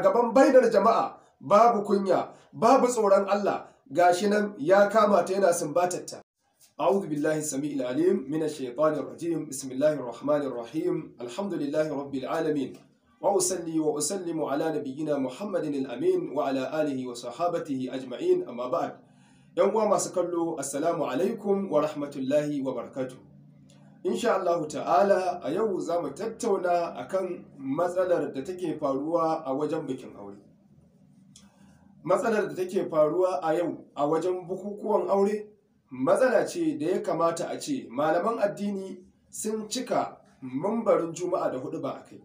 gaban bainar jama'a babu kunya babu tsoron Allah gashi nan ya kama ta yana sumbatatta أعوذ بالله السميع العليم من الشيطان الرجيم بسم الله الرحمن الرحيم الحمد لله رب العالمين وأصلي وأسلم على نبينا محمد الأمين وعلى آله وصحابته أجمعين أما بعد يوم ما سكلوا السلام عليكم ورحمة الله وبركاته insha Allahu ta'ala a yau za mu tattauna kan matsalar da take faruwa a wajen bikin aure matsalar da take faruwa a yau a wajen bukukuwan aure matsala ce da ya kamata a ce malaman addini sun cika mambarin juma'a da hudu ba a kai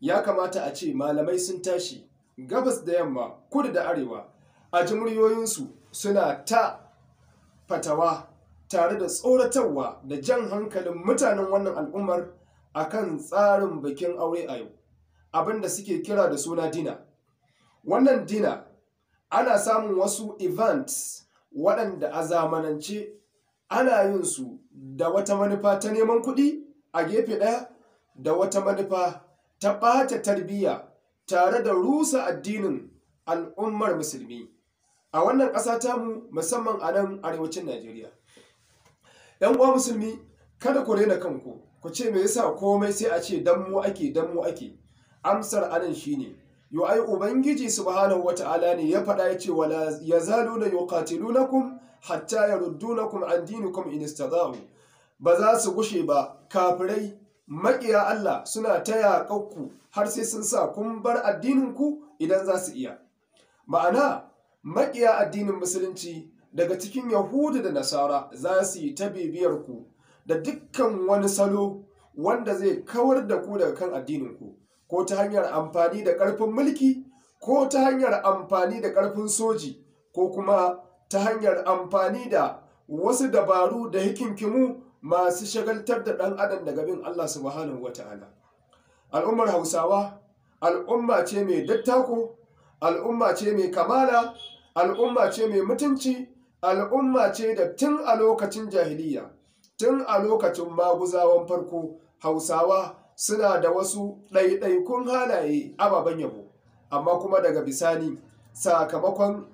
ya kamata a ce malamai sun tashi gabas da yamma kudu da arewa a jimuriyoyinsu suna ta fatawa tare da tsoratarwa da jan hankalin mutanen wannan al'ummar a kan tsarin bikin aure a yau abinda suke kira da suna dina wannan dina ana samun wasu events waɗanda a zamanance ana yin su da wata manufa ta neman kuɗi a gefe ɗaya da wata manufa ta ɓata tarbiyya tare da rusa addinin al'ummar musulmi a wannan ƙasa tamu musamman a nan arewacin najeriya 'yan uwa musulmi kada ku rena kanku ku ce me yasa komai sai a ce dan mu ake dan mu ake amsar anan shine yo ai ubangiji subhanahu wata'ala ne ya faɗa ya ce wala yazaluna yuqatilunakum hatta yaruddunakum an dinikum in istada'u ba za su gushe ba kafirai maƙiya Allah suna ta yaƙakku har sai sun sa kun bar addininku idan za su iya ma'ana maƙiya addinin musulunci daga cikin Yahudu da Nasara za su yi ta bibiyar ku da dukkan wani salo wanda zai kawar da ku daga kan addininku ko ta hanyar amfani da ƙarfin mulki ko ta hanyar amfani da ƙarfin soji ko kuma ta hanyar amfani da wasu dabaru da hikinkimu masu shagaltar da ɗan adam daga bin Allah subhanahu ta'ala al'ummar hausawa al'umma ce mai dattako al'umma ce mai kamala al'umma ce mai mutunci al'umma ce da tun a lokacin jahiliya tun a lokacin maguzawan farko hausawa suna da wasu ɗaiɗaikun halaye ababen yabo amma kuma daga bisani sakamakon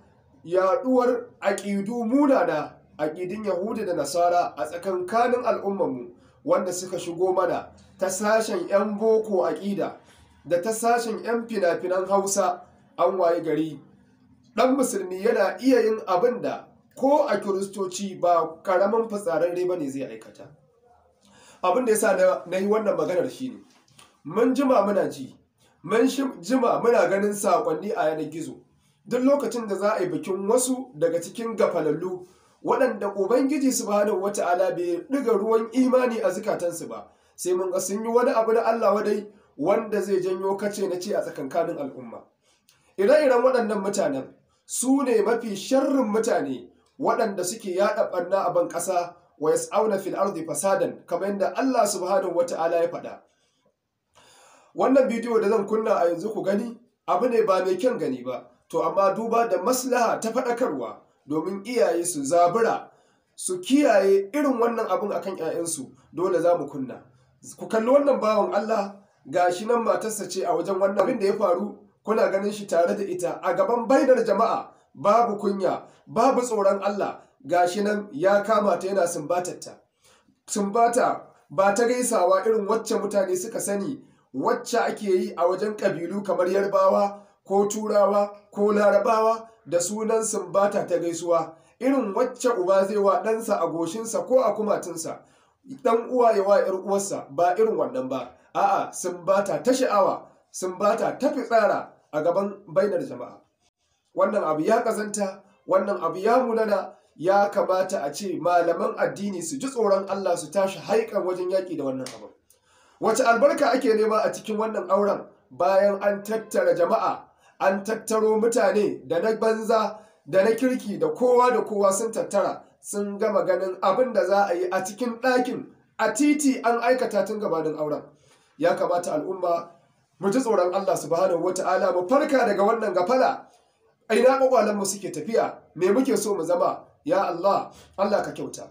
yaɗuwar aƙidu da aƙidin yahudu da nasara a tsakankanin al'ummanmu wanda suka shigo mana ta sashen 'yan boko aƙida da ta sashen 'yan fina-finan hausa an waye gari ɗan musulmi yana iya yin abin da ko a kiristoci ba karaman fitsararre ba ne zai aikata abin da ya sa na yi wannan maganar shi ne mun jima muna ji mun jima muna ganin saƙonni a yanar gizo duk lokacin da za a yi bikin wasu daga cikin gafalallu waɗanda ubangiji su ba wata ala bai ɗiga ruwan imani a zukatansu ba sai mun ga sun yi wani abu na Allah wadai wanda zai janyo kace na ce a tsakankanin al'umma ire-iren waɗannan mutanen su ne mafi sharrin mutane waɗanda suke yaɗa ɓanna a ban ƙasa wa yas'auna fil ardi fasadan kamar yadda Allah subhanahu ala ya faɗa wannan bidiyo da zan kunna a yanzu ku gani abu ne ba mai kyan gani ba to amma duba da maslaha ta faɗakarwa domin iyaye su zabura su kiyaye irin wannan abun akan 'ya'yansu dole za mu kunna ku kalli wannan bawan Allah ga shi nan matarsa ce a wajen wannan abin da ya faru kuna ganin shi tare da ita a gaban bainar jama'a babu kunya babu tsoron Allah gashi nan ya kamata yana sumbatatta sumbata ba ta gaisawa irin wacce mutane suka sani wacce ake yi a wajen ƙabilu kamar yarbawa ko turawa ko larabawa da sunan sumbata ta gaisuwa irin wacce uba zai wa ɗansa a goshinsa ko a kumatinsa ɗan uwa ya wa ‘yar uwarsa ba irin wannan ba a'a sumbata ta sha'awa sumbata ta fi tsara a gaban bainar jama'a wannan abu ya ƙazanta, wannan abu ya munana ya kamata a ce malaman addini su ji tsoron Allah su tashi haikan wajen yaƙi da wannan abu wace albarka ake nema a cikin wannan auren bayan an tattara jama'a an tattaro mutane da na banza da na kirki da kowa da kowa sun tattara sun gama ganin abin da za a yi a cikin ɗakin a titi an aikata tun gabanin auren ya kamata al'umma mu ji tsoron Allah subhanahu wata'ala mu farka daga wannan gafala Aina ina mu suke tafiya me muke so mu zama ya Allah Allah ka kyauta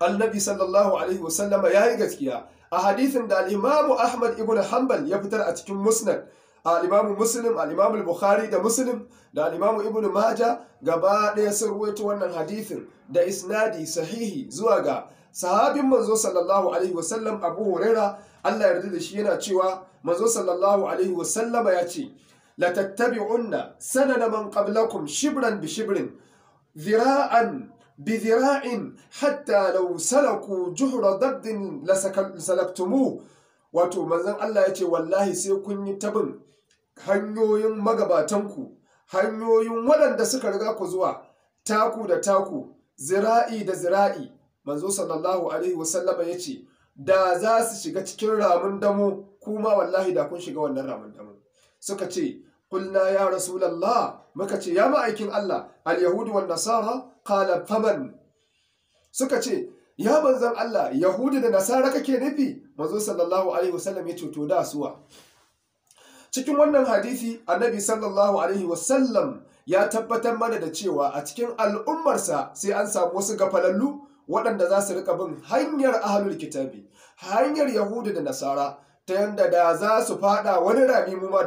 annabi sallallahu alaihi wasallama ya yi gaskiya a hadithin da al'imamu ahmad ibn hanbal ya fitar a cikin musnad al'imamu muslim al'imamu bukhari da muslim da al'imamu ibn maja gaba ɗaya sun ruwaito wannan hadithin da isnadi sahihi zuwa ga sahabin manzo sallallahu alaihi wasallam abu huraira allah yarda da shi yana cewa manzo sallallahu alaihi wasallama ya ce latattabi'unna sanana man qablakum shibran bi shibrin ذراعا بذراع حتى لو سلكوا جحر ضد لسلكتموه wato manzon Allah ya ce wallahi sai kun yi tabin hanyoyin magabatanku hanyoyin waɗanda suka riga ku zuwa taku da taku zira'i da zira'i manzo sallallahu alaihi wasallama ya ce da za su shiga cikin ramin damo kuma wallahi da kun shiga wannan ramin damo suka ce kulna ya rasulallah muka ce ya ma'aikin Allah al-yahudu wa nasara qala faman suka ce ya manzon Allah yahudu da nasara kake nufi manzo sallallahu alaihi wasallam ya ce da suwa cikin wannan hadisi annabi sallallahu alaihi wasallam ya tabbatar mana da cewa a cikin al'ummarsa sai an samu wasu gafalallu waɗanda za su rika bin hanyar ahalul kitabi hanyar yahudu da nasara ta yanda da za su fada wani rami mu ma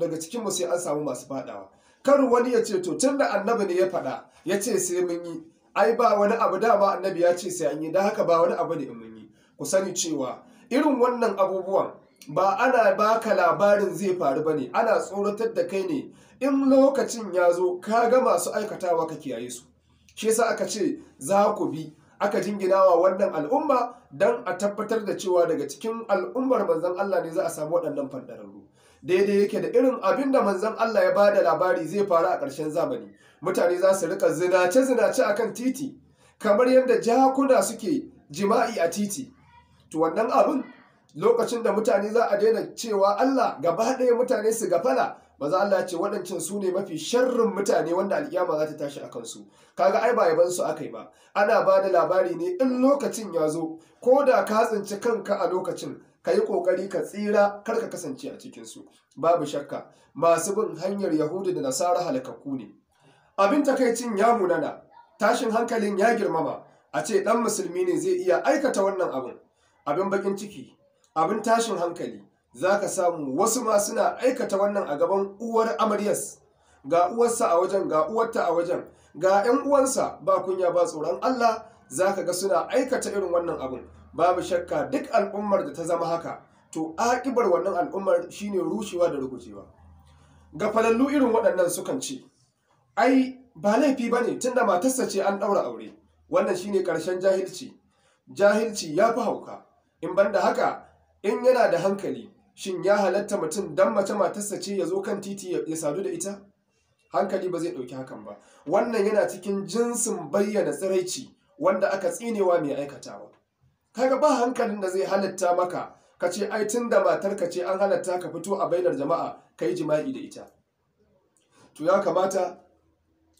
daga cikin mu sai an samu masu fadawa kar wani ya ce to tun da annabi ne ya fada ya ce sai mun yi ai ba wani abu dama annabi ya ce sai an yi da haka ba wani abu ne in mun yi ku sani cewa irin wannan abubuwan ba ana baka labarin zai faru bane ana tsoratar da kai ne in lokacin ya zo ka ga masu aikatawa ka kiyaye su shi yasa aka ce za ku bi aka jinginawa wannan al'umma don a tabbatar da cewa daga cikin al'ummar manzan Allah ne za a samu waɗannan fadararru daidai yake da irin abin da manzon Allah ya bada labari zai faru a ƙarshen zamani mutane za su rika zinace zinace a kan titi kamar yadda jakuna suke jima'i a titi to wannan abin lokacin da mutane za a daina cewa Allah gaba ɗaya mutane su gafala maza Allah ce waɗancan su ne mafi sharrin mutane wanda alƙiyama za ta tashi a kansu kaga ai ba yaban su yi ba ana ba da labari ne in lokacin ya zo ko da ka tsinci kanka a lokacin ka yi ƙoƙari ka tsira kar ka kasance a cikinsu babu shakka masu bin hanyar yahudu da nasara halakakku ne abin takaicin ya munana tashin hankalin ya girmama a ce ɗan musulmi ne zai iya aikata wannan abin abin bakin ciki abin tashin hankali za ka samu wasu ma suna aikata wannan a gaban uwar amaryas ga uwarsa a wajen ga uwarta a wajen ga 'yan uwansa ba kunya ba tsoron Allah za ka ga suna aikata irin wannan abin babu shakka duk al'ummar da ta zama haka to aƙibar wannan al'ummar shine rushewa da rugujewa ga falallu irin waɗannan sukan ce ai ba laifi ba ne tunda matarsa ce an ɗaura aure wannan shine ƙarshen jahilci jahilci ya fi hauka in banda haka in yana da hankali shin ya halatta mutum dan mace matarsa ce ya zo kan titi ya sadu da ita hankali ba zai ɗauki hakan ba wannan yana cikin jinsin bayyana tsiraici wanda aka tsinewa mai aikatawa kaga ba hankalin da zai halatta maka ka ce ai tun da matar ka ce an halatta ka fito a bainar jama'a ka yi jima'i da ita to ya kamata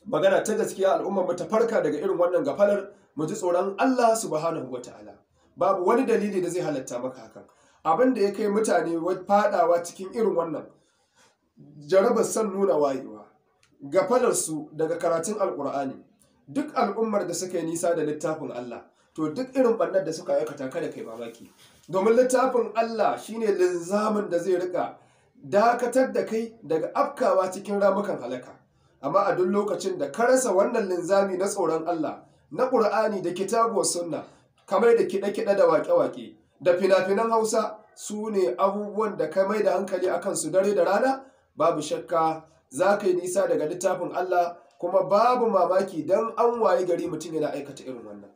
magana ta gaskiya al'ummar mu ta farka daga irin wannan gafalar mu ji tsoron Allah subhanahu wata'ala babu wani dalili da zai halatta maka hakan abin da ya kai mutane fadawa cikin irin wannan jarabar san nuna wayewa gafalarsu daga karatun alkur'ani duk al'ummar da suka yi nisa da littafin Allah to duk irin ɓarnar da suka aikata kada kai mamaki domin littafin Allah shine linzamin da zai rika dakatar da kai daga afkawa cikin ramukan halaka amma a duk lokacin da ka rasa wannan linzami na tsoron Allah na ƙur'ani da kitabuwar sunna kamar da kiɗe-kiɗe da waƙe-waƙe da fina-finan hausa su ne abubuwan da ka mai da hankali akan su dare da rana babu shakka za ka yi nisa daga littafin allah kuma babu mamaki don an waye gari mutum yana aikata irin wannan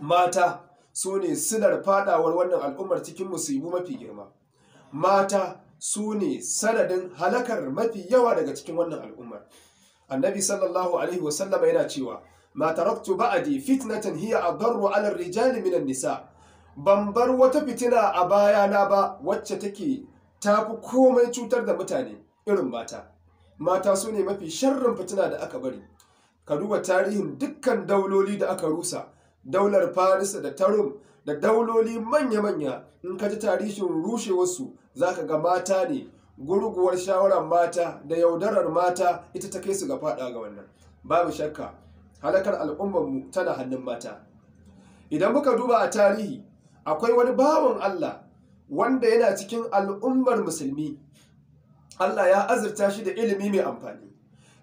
mata su ne silar fadawar wannan al'ummar cikin musibu mafi girma mata su ne sanadin halakar mafi yawa daga cikin wannan al'ummar annabi sallallahu alaihi wasallama yana cewa ma taraktu ba'adi fitnatan hiya adarru ala rijali minan nisa ban bar wata fitina a baya na ba wacce take tafi komai cutar da mutane irin mata mata su ne mafi sharrin fitina da aka bari ka duba tarihin dukkan dauloli da aka rusa daular farisa da tarum da dauloli manya-manya in ka ji tarihin rushewarsu za ka ga mata ne gurguwar shawarar mata da yaudarar mata ita ta kai su ga fada ga wannan babu shakka halakar al'ummarmu tana hannun mata idan muka duba a tarihi akwai wani bawan Allah wanda yana cikin al'ummar musulmi Allah ya azurta shi da ilimi mai amfani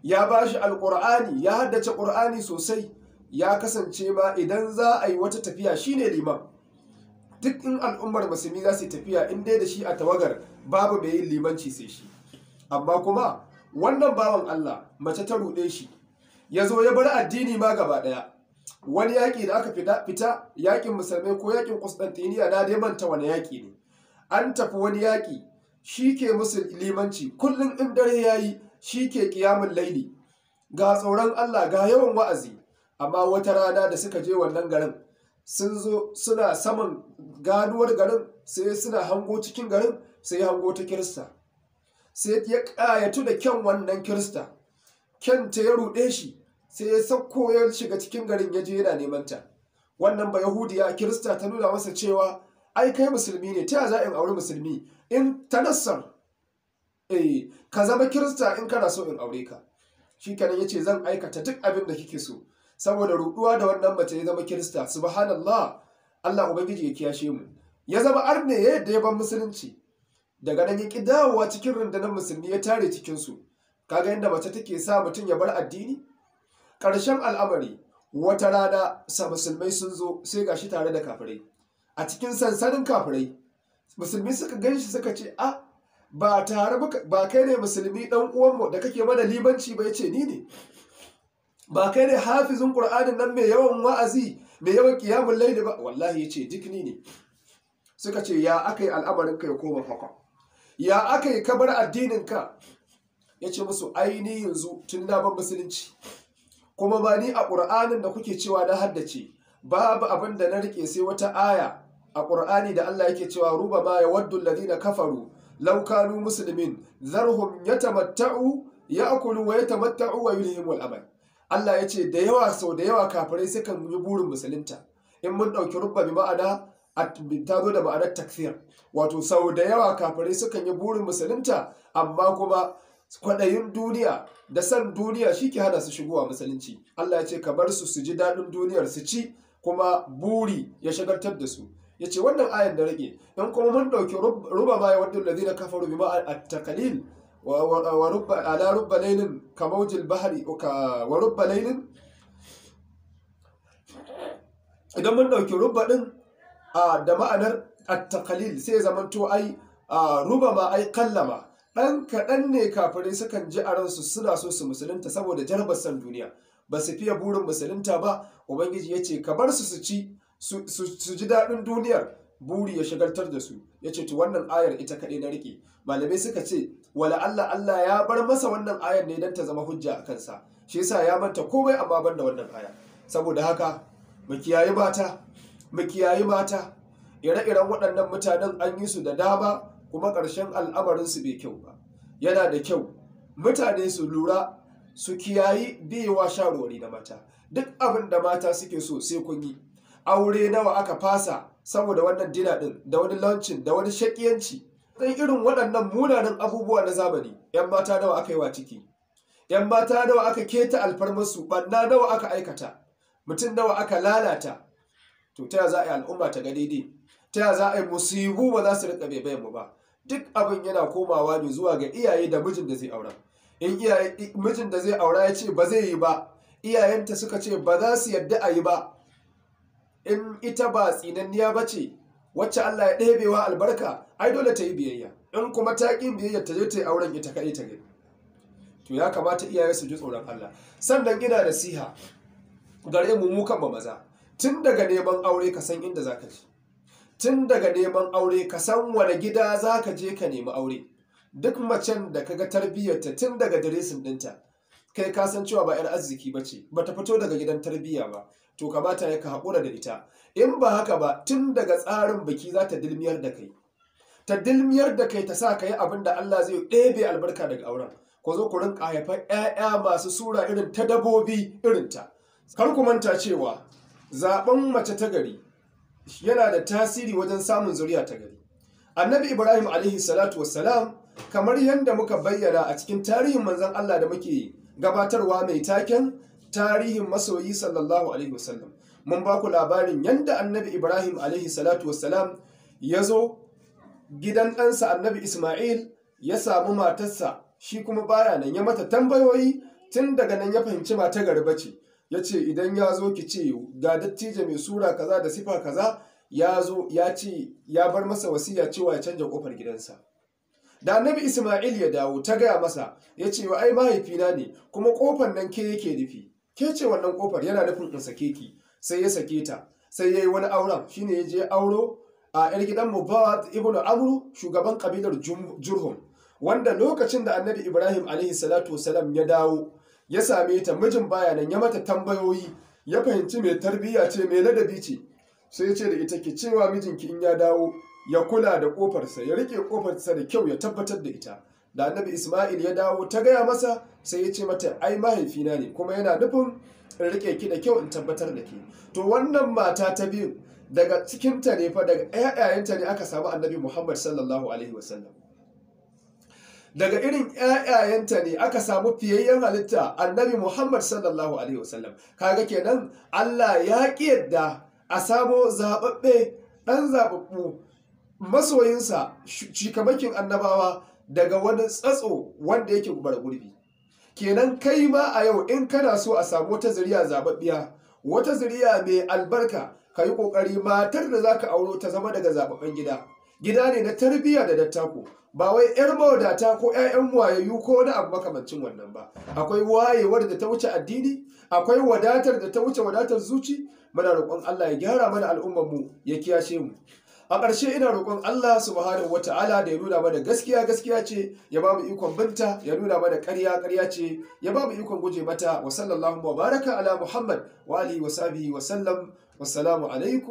ya ba shi alƙur'ani ya haddace ƙur'ani sosai ya kasance ma idan za a yi wata tafiya shi ne liman duk in al'ummar musulmi za su tafiya in dai da shi a tawagar babu mai yin limanci sai shi amma kuma wannan bawan Allah mace ta ruɗe shi ya zo ya bar addini ma gaba ɗaya wani yaƙi da aka fita yaƙin musulmai ko yaƙin Constantiniya na dai manta wani yaƙi ne an tafi wani yaƙi shi ke musu limanci kullum in dare ya yi shi ke ƙiyamun laili ga tsoron Allah ga yawan wa'azi amma wata rana da suka je wannan garin sun zo suna saman ganuwar garin sai suna hango cikin garin sai hango ta kirista sai ya ƙayatu da kyan wannan kirista kyan ta ya ruɗe shi sai ya sauko ya shiga cikin garin ya je yana neman ta wannan ba yahudiya kirista ta nuna masa cewa ai kai musulmi ne ta za in auri musulmi in ta nassar eh ka zama kirista in kana so in aure ka shikenan yace zan aikata duk abin da kike so saboda ruduwa da wannan mace ya zama kirista subhanallah Allah ubangiji ya kiyashe mu ya zama arne ya yadda ya ban musulunci daga nan ya ki dawowa cikin rundunar musulmi ya tare cikin su kaga yadda mace take sa mutum ya bar addini ƙarshen al'amari wata rana sa musulmai sun zo sai gashi tare da kafirai a cikin sansanin kafirai musulmi suka gan shi suka ce a ah, ba tare ba kai ne musulmi dan uwanmu da kake mana libanci ba ce ni ne ba kai ne hafizin qur'anin nan mai yawan wa'azi mai yawan qiyamul layl ba wallahi ya ce duk ni ne suka ce ya akai al'amarin ka ya koma haka ya akai ka bar addinin ka yace musu aini yanzu tun na ban musulunci kuma ba ni a ƙur'anin da kuke cewa na haddace babu abin da na riƙe sai wata aya a ƙur'ani da Allah yake cewa ruba ma ya waddu na kafaru law kanu muslimin zarhum yatamatta'u ya'kulu wa yatamatta'u wa yulhimul amal Allah ya ce da yawa sau da yawa kafirai sukan yi burin musulunta in mun ɗauki rubba bi ma'ana ta zo da ma'anar takfir wato sau da yawa kafirai sukan yi burin musulunta amma kuma kwaɗayin duniya da san duniya shi ke hada su shigo a musulunci Allah ya ce ka bar su su ji daɗin duniyar su ci kuma buri ya shagartar da su ya ce wannan ayan da rage in kuma mun ɗauki ruba baya wadda lazi na rubi bi a takalil ala rubba idan mun ɗauki ruba ɗin da ma'anar a takalil sai to ai ruba ma ai kallama ɗan kaɗan ne kafirai sukan ji a ransu suna so su musulunta saboda jarabar san duniya ba su fiye burin musulunta ba ubangiji ya ce ka bar su su ci su ji daɗin duniyar buri ya shagartar da su ya ce to wannan ayar ita kaɗai na riƙe malamai suka ce wala Allah Allah ya bar masa wannan ayar ne don ta zama hujja a kansa shi yasa ya manta komai amma ban da wannan aya saboda haka mu kiyaye mata mu kiyaye mata ire-iren waɗannan mutanen an yi su da dama kuma ƙarshen al'amarinsu bai kyau ba yana da kyau mutane su lura su kiyayi biyewa shawarwari na mata duk abin da mata suke so sai kun yi aure nawa aka fasa saboda wannan dina din da wani launcin da wani shakiyanci dan irin waɗannan munanan abubuwa na zamani yan mata nawa aka yi wa ciki yan mata nawa aka keta alfarmarsu banna nawa aka aikata mutum nawa aka lalata to ta za a yi al'umma ta ga daidai ta za a yi musibu ba za su riƙa baibayin mu ba duk abin yana komawa ne zuwa ga iyaye da mijin da zai aura in iyaye mijin da zai aura ya ce ba zai yi ba iyayenta suka ce ba za su yadda a yi ba in ita ba tsinanniya ba ce wacce Allah ya ɗebewa albarka ai dole ta yi biyayya in kuma ta ƙi biyayya ta je ta yi auren ita kaɗai ta gani to ya kamata iyaye su ji tsoron Allah sannan ina nasiha gare mu mu kan maza tun daga neman aure ka san inda za ka ji tun daga neman aure ka san wane gida za ka je ka nemi aure duk macen da kaga tarbiyyarta tun daga diresin ɗinta kai ka cewa ba 'yar arziki ba ce ba ta fito daga gidan tarbiyya ba to kamata ya ka haƙura da ita in ba haka ba tun daga tsarin biki za ta dilmiyar da kai ta dilmiyar da kai ta sa ka yi abin da Allah zai ɗebe albarka daga auren ku zo ku rinka haifar 'ya'ya masu sura irin ta dabobi irin ta kar ku manta cewa zaɓen mace ta gari yana da tasiri wajen samun zuriya ta gari annabi ibrahim alaihi salatu wassalam kamar yadda muka bayyana a cikin tarihin manzon Allah da muke gabatarwa mai taken tarihin masoyi sallallahu alaihi wasallam mun ba ku labarin yadda annabi ibrahim alaihi salatu wassalam ya zo gidan ɗansa annabi ismail ya samu matarsa shi kuma baya nan ya mata tambayoyi tun daga nan ya fahimci mata garba ce ya ce idan ya zo ki ce ga dattijo mai sura kaza da sifa kaza ya zo ya ce ya bar masa wasiya cewa ya canja kofar gidansa da annabi isma'il ya dawo ta gaya masa ya ce wa ai mahaifina ne kuma kofar nan ke yake nufi ke ce wannan kofar yana nufin in sake ki sai ya sake ta sai ya yi wani auren shine ya je auro a yar gidan mubawat ibnu amru shugaban kabilar jurhum wanda lokacin da annabi ibrahim alaihi salatu wasalam ya dawo ya same ta mijin baya nan ya mata tambayoyi ya fahimci mai tarbiyya ce mai ladabi ce sai ya ce da ita ki cewa mijinki in ya dawo ya kula da kofarsa ya rike kofarsa da kyau ya tabbatar da ita da annabi Ismail ya dawo ta gaya masa sai ya ce mata ai mahaifina ne kuma yana nufin in rike ki da kyau in tabbatar da ke to wannan mata ta biyu daga cikinta ne fa daga ƴaƴayenta ne aka samu annabi Muhammad sallallahu alaihi wasallam daga irin ƴaƴayenta ne aka samu fiyayyen halitta annabi Muhammad sallallahu Alaihi wasallam kaga kenan Allah ya ƙi yadda a samo zaɓaɓɓe ɗan zaɓaɓɓu masoyinsa cikamakin annabawa daga wani tsatso wanda yake gubar gurbi kenan kai ma a yau in kana so a samu wata ziriya zaɓaɓɓiya wata ziriya mai albarka ka yi ƙoƙari matar da za ka auro ta zama daga zaɓaɓɓen gida gida ne na tarbiyya da dattako ba wai 'yar mawadata ko 'ya'yan wayayyu ko wani abu makamancin wannan ba akwai wayewar da ta wuce addini akwai wadatar da ta wuce wadatar zuci muna roƙon Allah ya gyara mana al'ummar mu ya kiyashe mu a ƙarshe ina roƙon Allah subhanahu wata'ala da ya nuna mana gaskiya gaskiya ce ya ba mu ikon binta ya nuna mana ƙarya ƙarya ce ya ba mu ikon guje mata wa sallallahu wa baraka ala muhammad wa alihi wa sahbihi wa sallam wassalamu alaikum